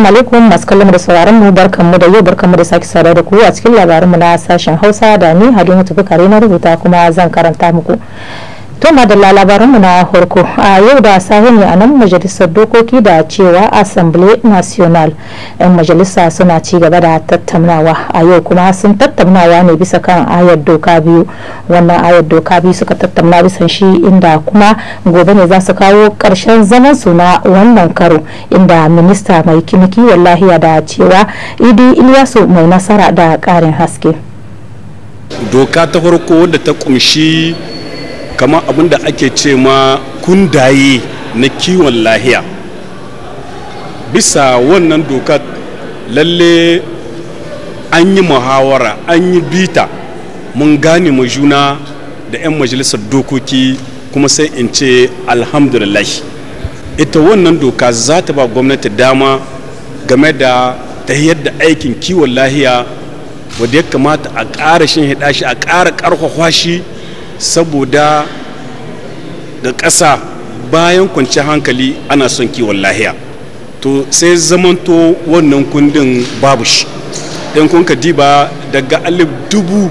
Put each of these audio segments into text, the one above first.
Assalamu alaikum masu kallon da sauraron mu mu da yau mu da sake saurare da ku a cikin labarin mu na sashen Hausa da ni Halima Tufi kare na rubuta kuma zan karanta muku. to madalla labaranmu na farko a yau da safe ne a nan majalisar dokoki da cewa assembly national yan majalisa suna ci gaba da tattaunawa a yau kuma sun tattaunawa ne bisa kan ayar doka biyu wannan ayar doka biyu suka tattauna bisa shi inda kuma gobe ne za su kawo karshen zaman su na wannan karo inda minista mai kiwon lahiya da cewa idi ilyasu mai nasara da karin haske doka ta farko wadda ta kunshi kama abin da ake ce ma kundaye na kiwon lahiya bisa wannan doka lalle an yi muhawara an yi bita mun gane mu juna da 'yan majalisar dokoki kuma sai in ce alhamdulillah ita wannan doka za ta ba gwamnati dama game da ta yadda aikin kiwon lahiya wadda ya kamata a ƙara shi a ƙara ƙarfafa shi saboda da ƙasa bayan kwanci hankali ana son kiwon lahiya to sai zamanto wannan kundin babu shi ɗan kun ka diba daga alif dubu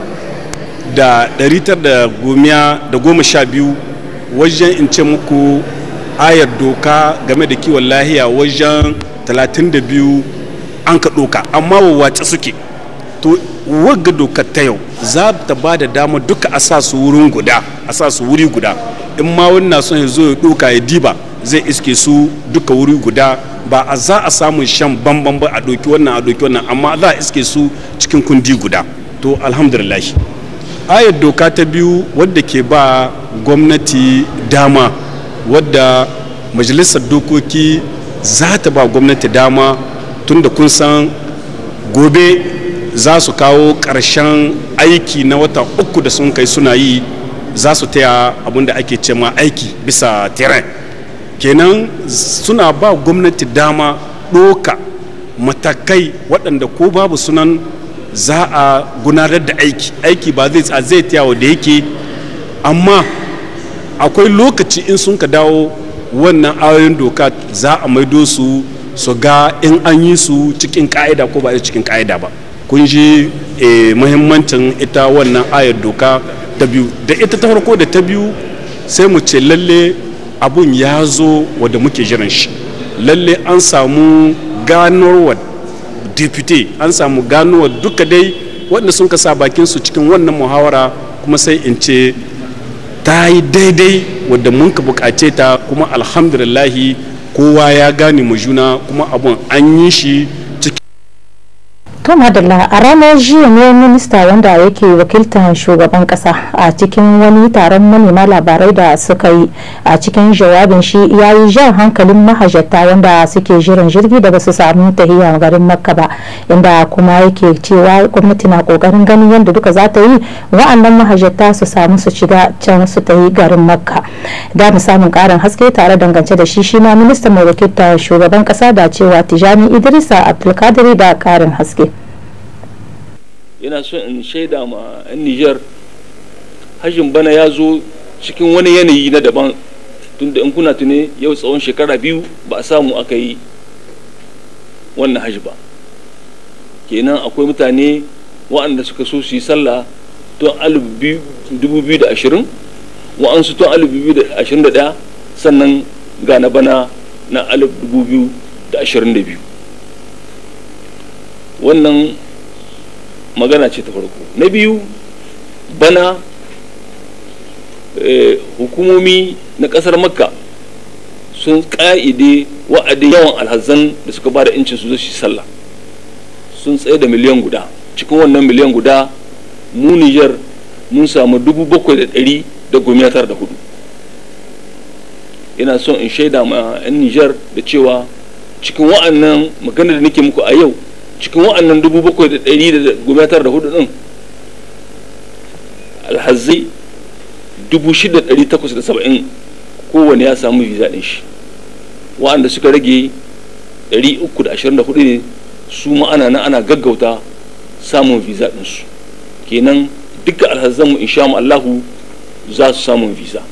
da ɗaritar da goma sha biyu wajen in ce muku ayar doka game da kiwon lahiya wajen 32 an ka doka amma wawace suke to wagga dokar ta yau za ta ba da dama duka a sa su wurin guda a sa su wuri guda in ma wani na son ya zo ya doka ya diba zai iske su duka wuri guda ba a za a samun shan bambam ba a doki wannan a doki wannan amma za a iske su cikin kundi guda to alhamdulillah ayar doka ta biyu wadda ke ba gwamnati dama wadda majalisar dokoki za ta ba gwamnati dama tunda kun san gobe za su kawo ƙarshen aiki na wata uku da sun kai suna yi za su taya abin da ake cema aiki bisa tiran kenan suna ba gwamnati dama ɗoka matakai waɗanda ko babu sunan za a gudanar da aiki aiki ba zai zai wa da yake amma akwai lokaci in sun ka dawo wannan ayoyin doka za a maido su su ga in an yi su cikin ka'ida ko ba cikin ka'ida ba kun ji eh, muhimmancin ita wannan ayar doka ta biyu da ita ta farko da ta biyu sai mu ce lalle abun ya zo wadda muke jiran shi lalle an samu ganowar deputy an samu ganowar duka dai wadda sun kasa bakin su cikin wannan muhawara kuma sai in ce ta yi daidai wadda mun ka bukace ta kuma alhamdulillahi kowa ya gane mu juna kuma abun an yi shi to madalla a ranar jiya ne minista wanda yake wakiltar shugaban kasa a cikin wani taron manema labarai da suka yi a cikin jawabin shi ya yi jan hankalin mahajjata wanda suke jiran jirgi da basu samu tahiya garin makka ba inda kuma yake cewa gwamnati na kokarin ganin yadda duka za ta yi wa'annan mahajjata su samu su shiga can su tahi garin makka da mu samun karin haske tare dangance da shi shi ma minista mai wakiltar shugaban kasa da cewa tijani idrisa abdulkadiri da karin haske yana so in shaida ma yan nijar hajjin bana ya zo cikin wani yanayi na daban tunda in kuna tune yau tsawon shekara biyu ba a samu aka yi wannan hajji ba kenan akwai mutane waɗanda suka so su yi sallah tun 2020 wa'ansu tun 2021 sannan ga na bana na 2022 wannan magana ce ta farko na biyu bana eh, hukumomi na kasar makka sun ka'ide wa'ade yawan alhazan da suka ba da incin su shi sallah sun tsaye da miliyan guda cikin wannan miliyan guda mu nijar mun samu dubu bakwai da ɗari da goma da hudu ina son in shaida ma nijar da cewa cikin wa'annan maganar da nake muku a yau cikin wa'annan dubu bakwai da ɗari da goma tara da hudu ɗin alhazai dubu shida ɗari takwas da saba'in kowane ya samu visa ɗin shi wa'anda suka rage ɗari uku da ashirin da hudu ne su ma'ana na ana gaggauta samun visa ɗinsu kenan duka alhazanmu insha Allahu za su samun visa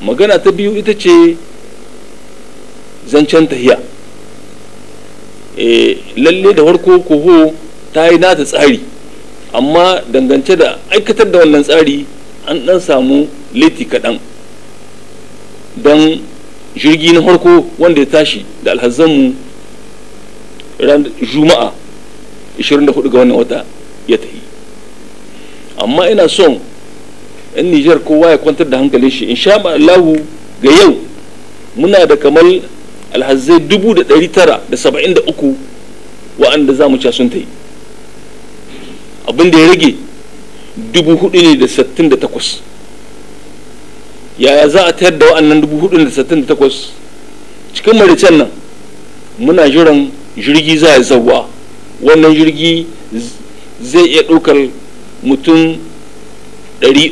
magana ta biyu ita ce zancen tahiya Eh, lalle da warko koho ta yi nata tsari amma dangance da aikatar da wannan tsari an dan samu leti kaɗan don jirgi na farko wanda ya tashi da alhazzanmu ran juma'a 24 ga wannan wata ya tafi amma ina son yan nijar kowa ya kwantar da hankalin shi in sha Allahu ga yau muna da kamar alhazai dubu da ɗari tara da saba'in da uku wa'anda za mu ca sun ta yi abin da ya rage dubu hudu ne da sattin da takwas yaya za a tayar da wa'annan dubu hudu da sattin da takwas cikin maricen nan muna jiran jirgi za ya zauwa wannan jirgi zai iya ɗaukar mutum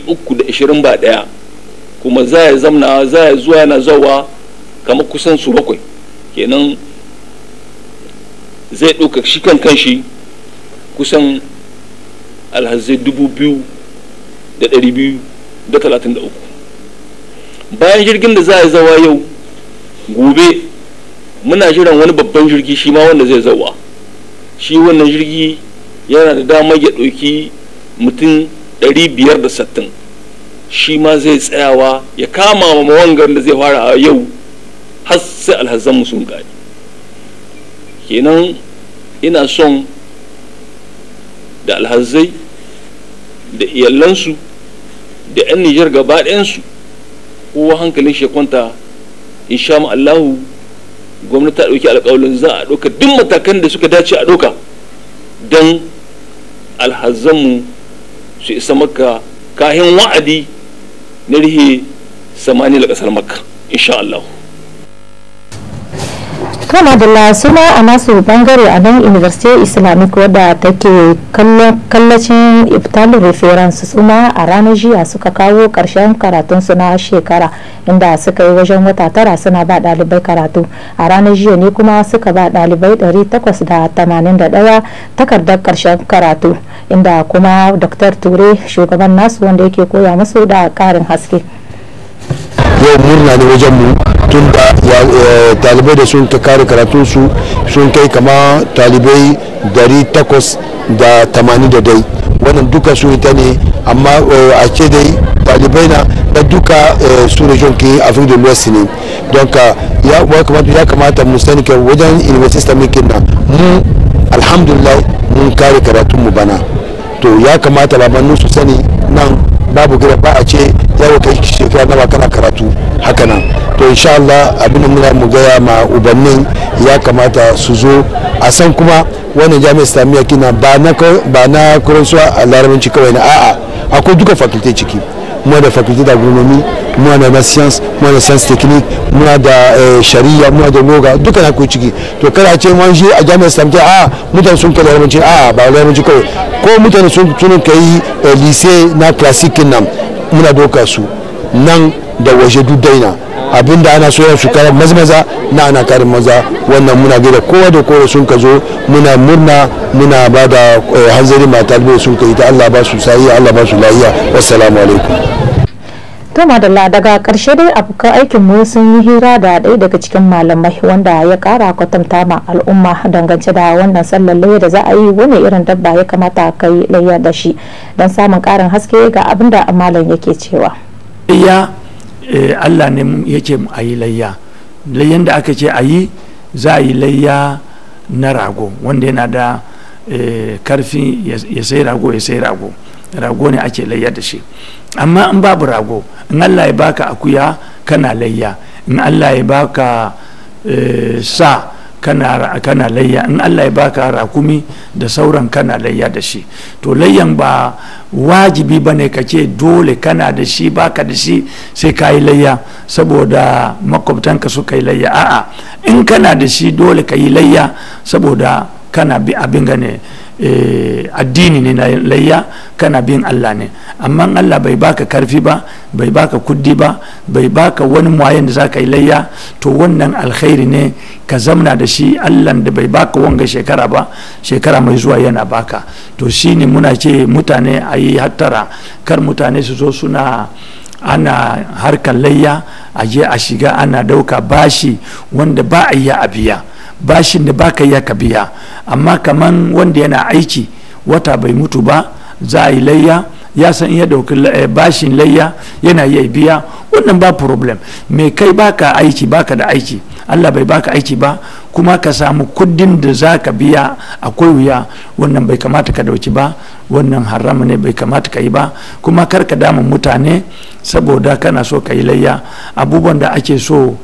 uku da ashirin ba ɗaya kuma za ya zamna za ya zuwa yana zauwa kamar kusan su bakwai kenan zai ɗauka shi kan kanshi kusan alhazai dubu biyu da ɗari biyu da talatin da uku bayan jirgin da za a yi zawa yau gobe muna jiran wani babban jirgi shi ma wanda zai zawa shi wannan jirgi yana da damar ya ɗauki mutum biyar da ɗari sattin shi ma zai tsayawa ya kama ma mawangar da zai fara a yau sai alhazanmu sun gani kenan ina son da alhazai da iyalansu da 'yan nijar gaba ɗayansu kowa hankalin shi kwanta insha allahu gwamnati ta ɗauki alƙawalin za a ɗauka duk matakan da suka dace a ɗauka don alhazanmu su isa maka kahin wa'adi na rihe samani da ƙasar makka insha allahu kama da suna a nasu bangare a nan university islamic wadda take kallacin iftalin reference suma a ranar jiya suka kawo karshen karatun suna shekara inda suka yi wajen wata tara suna ba dalibai karatu a ranar jiya ne kuma suka ba dalibai 881 takardar karshen karatu inda kuma dr ture shugaban nasu wanda yake koya musu da karin haske yau murna ne wajen mu tun da talibai eh, da sun kare karatunsu sun kai kama talibai 880 da tamani da dai wannan duka su ita ne amma eh, a ce dai talibai na eh, da duka su region ke afirka da luwas ne don ka ya kamata mu sani ke wajen university mu na mu alhamdulillah mun kare mu bana to ya kamata babannin su sani nan babu gida ba a ce yawo kai shekara na kana karatu hakanan to insha Allah abin da muna mu gaya ma ubannin ya kamata su zo a san kuma wannan jami'ar islamiyya kina ba na ba na a larabanci kawai na a'a akwai duka faculty ciki mu da faculty da agronomy mu da na science mu da science technique mu da eh, shari'a mu da noga duka na ciki to kada ce mun shi a jami'ar islamiyya a'a mutane sun kai larabanci a'a ba larabanci kawai ko mutane sun kai eh, lycée na classique nan muna doka su nan da waje duk daina abinda ana so shekara mazmaza na ana karin maza wannan muna gida kowa da kowa sun ka zo muna murna muna ba da eh, hanzari mata da sun ka yi ta Allah ba su sayi Allah ba su lafiya wassalamu alaikum to madalla daga karshe dai abokan aikin mu sun yi hira da ɗaya daga cikin malamai wanda ya kara kwatanta ma al'umma dangance da wannan sallalle da za a yi wani irin dabba ya kamata kai layya da shi don samun karin haske ga abinda malam yake cewa Eh, Allah ne yake mu ayi layya layyan da aka ce a yi za a yi layya na rago wanda yana da eh, karfi ya sai rago ya sai rago rago ne ake layya da shi amma in babu rago in Allah ya baka akuya kana layya in Allah ya baka eh, sa kana kana layya in Allah ya baka rakumi da sauran kana layya da shi to layyan ba wajibi bane ka ce dole kana da shi baka da shi sai ka yi layya saboda makwabtanka suka yi layya a'a in kana da shi dole ka yi layya saboda kana bi abin gane eh, addini ne na layya kana bin Allah ne amma Allah bai baka karfi ba bai baka kuddi ba bai baka wani muayen da zaka yi layya to wannan alkhairi ne ka zamna da shi Allah da bai baka wanga shekara ba shekara mai zuwa yana baka to shine muna ce mutane a yi hattara kar mutane su zo suna ana harkar layya a je a shiga ana dauka bashi wanda ba a yi a biya bashin da baka iya ka biya amma kaman wanda yana aiki wata bai mutu ba za a yi layya ya san iya dauki eh, bashin layya yana iya biya wannan ba problem me kai baka aiki baka da aiki allah bai baka aiki ba kuma ka samu kudin da za ka biya akwai wuya wannan bai kamata ka dauki ba wannan haramu ne bai kamata ka yi ba kuma kar ka dama mutane saboda kana so ka yi layya abubuwan da ake so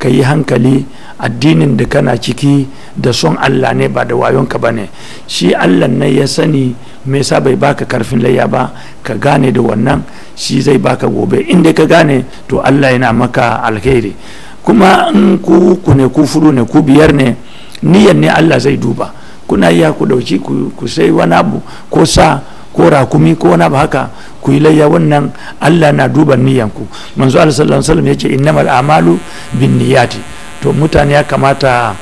ka yi hankali addinin da kana ciki da son allah ne ba da wayonka ba ne shi allah ne ya sani me yasa bai baka karfin layya ba ka gane da wannan shi zai baka gobe inda ka gane to allah yana maka alheri kuma in ku ku ne ku furu ne ku biyar ne niyan ne allah zai duba kuna iya ku dauki ku sai wani abu ko sa ko rakumi ko wani haka ku yi layya wannan Allah na duba niyyanku manzo Allah sallallahu alaihi wasallam yace innamal a'malu niyyati to mutane ya kamata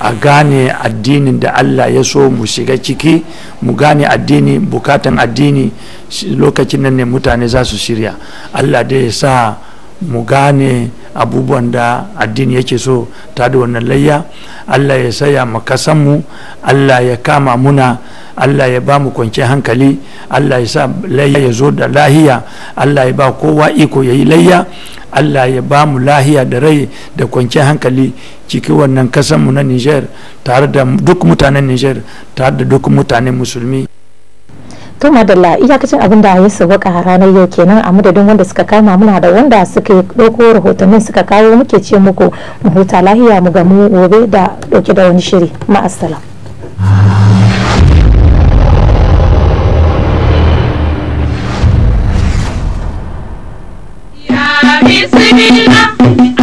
a gane addinin da Allah ya so mu shiga ciki mu gane addini bukatan addini lokacin nan ne mutane za su shirya Allah da ya sa mu gane abubuwan da addini yake so ta da wannan layya Allah ya saya mu Allah ya kama muna Allah ya ba mu kwanci hankali Allah ya sa layya ya zo da lahiya Allah ya ba kowa iko ya yi layya Allah ya ba mu lahiya da rai da kwanci hankali ciki wannan kasanmu na Niger tare da duk mutanen Niger tare da duk mutanen musulmi to madalla iyakacin abin da ya sauka a ranar yau kenan a madadin wanda suka kama muna da wanda suka ɗauko rahotannin suka kawo muke ce muku mu huta lahiya mu gamu gobe da ɗauke da wani shiri ma'asala Israel.